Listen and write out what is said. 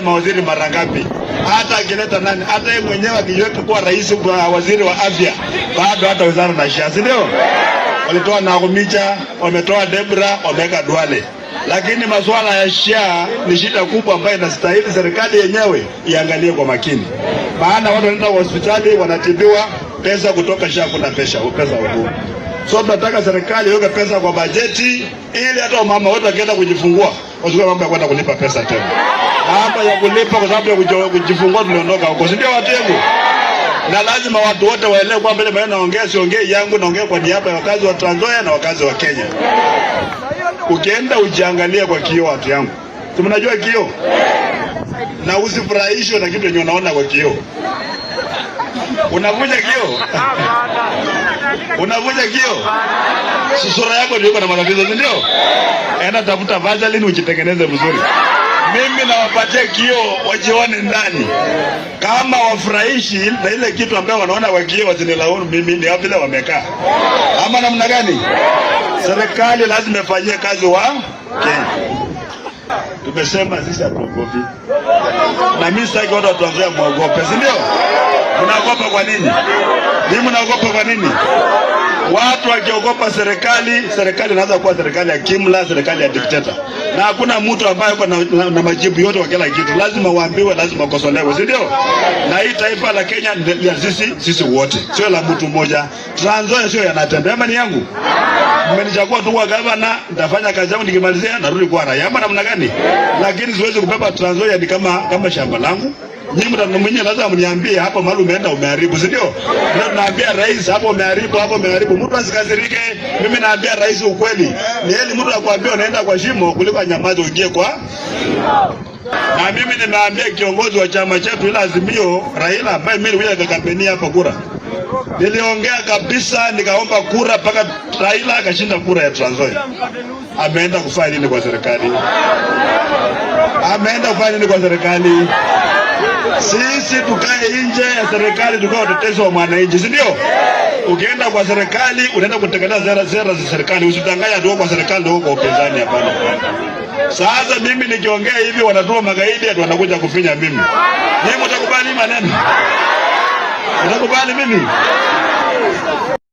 mawaziri mara ngapi? Hata akileta nani, hata yeye mwenyewe akijiweka kuwa rais wa waziri wa afya, bado hata wizara na shia, si ndio? Walitoa Nakumicha, wametoa Debra, wameweka Duale, lakini masuala ya shia ni shida kubwa ambayo inastahili serikali yenyewe iangalie kwa makini, maana watu wanaenda hospitali wanatibiwa, pesa kutoka shia kuna pesa pesa huko. So tunataka serikali iweke pesa kwa bajeti ili hata mama wote akienda kujifungua wasiwe mambo ya kwenda kulipa pesa tena. Baada ya kulipa kwa sababu ya kujifungua tuliondoka huko. Si ndio watengo? Na lazima watu wote waelewe kwamba ile maneno naongea siongei yangu, naongea kwa niaba ya wakazi wa Trans Nzoia na wakazi wa Kenya. Ukienda ujiangalie kwa kioo watu yangu. mnajua kioo? Na usifurahishwe na kitu yenye unaona kwa kioo. Unavuja kioo? Unavuja kioo? Sura yako ndio iko na matatizo, si ndio? Enda tafuta Vaseline ujitengeneze vizuri mimi nawapatia kioo wajione ndani, kama wafurahishi na ile kitu ambayo wanaona kwa kioo, mimi, ni vile wamekaa ama namna gani. Serikali lazima ifanyie kazi wa Kenya. Tumesema sisi hatuogopi, na mimi sitaki watu wa Tanzania muogope, si ndio? Mnaogopa kwa nini? Mimi mnaogopa kwa nini? Watu wakiogopa serikali, serikali inaweza kuwa serikali ya kimla, serikali ya dikteta, na hakuna mtu ambaye yuko na, na, na majibu yote kwa kila kitu. Lazima waambiwe, lazima wakosolewe, si ndio? Na hii taifa la Kenya ni ya sisi sisi wote, sio la mtu mmoja. Trans Nzoia sio yanatembea, Natembeya, yangu. Mmenichagua tu kwa gavana, nitafanya kazi yangu, nikimalizia narudi kwa raia, ama namna gani? Lakini siwezi kubeba Trans Nzoia ni kama kama shamba langu. Nyinyi mtaona mwenyewe lazima mniambie hapo mahali umeenda umeharibu, si ndio? Na tunaambia rais hapo umeharibu, hapo umeharibu. Mtu asikasirike. Mimi naambia rais ukweli. Ni heli mtu akwambia unaenda kwa shimo kuliko anyamaze uingie kwa. Na mimi nimeambia kiongozi wa chama chetu ila Azimio Raila ambaye mimi nilikuja kakampeni hapa kura. Niliongea kabisa nikaomba kura mpaka Raila akashinda kura ya Trans Nzoia. Ameenda kufanya nini kwa serikali? Ameenda kufanya nini kwa serikali? Sisi tukae nje ya serikali tukawa watetezi wa mwananchi, si ndio? Ukienda kwa serikali unaenda kutekeleza sera sera za serikali, usitangaya tu kwa serikali ndio kwa upinzani. Hapana. Sasa mimi nikiongea hivi wanatoa magaidi ati wanakuja kufinya mimi. Ni mtakubali maneno? Mtakubali mimi?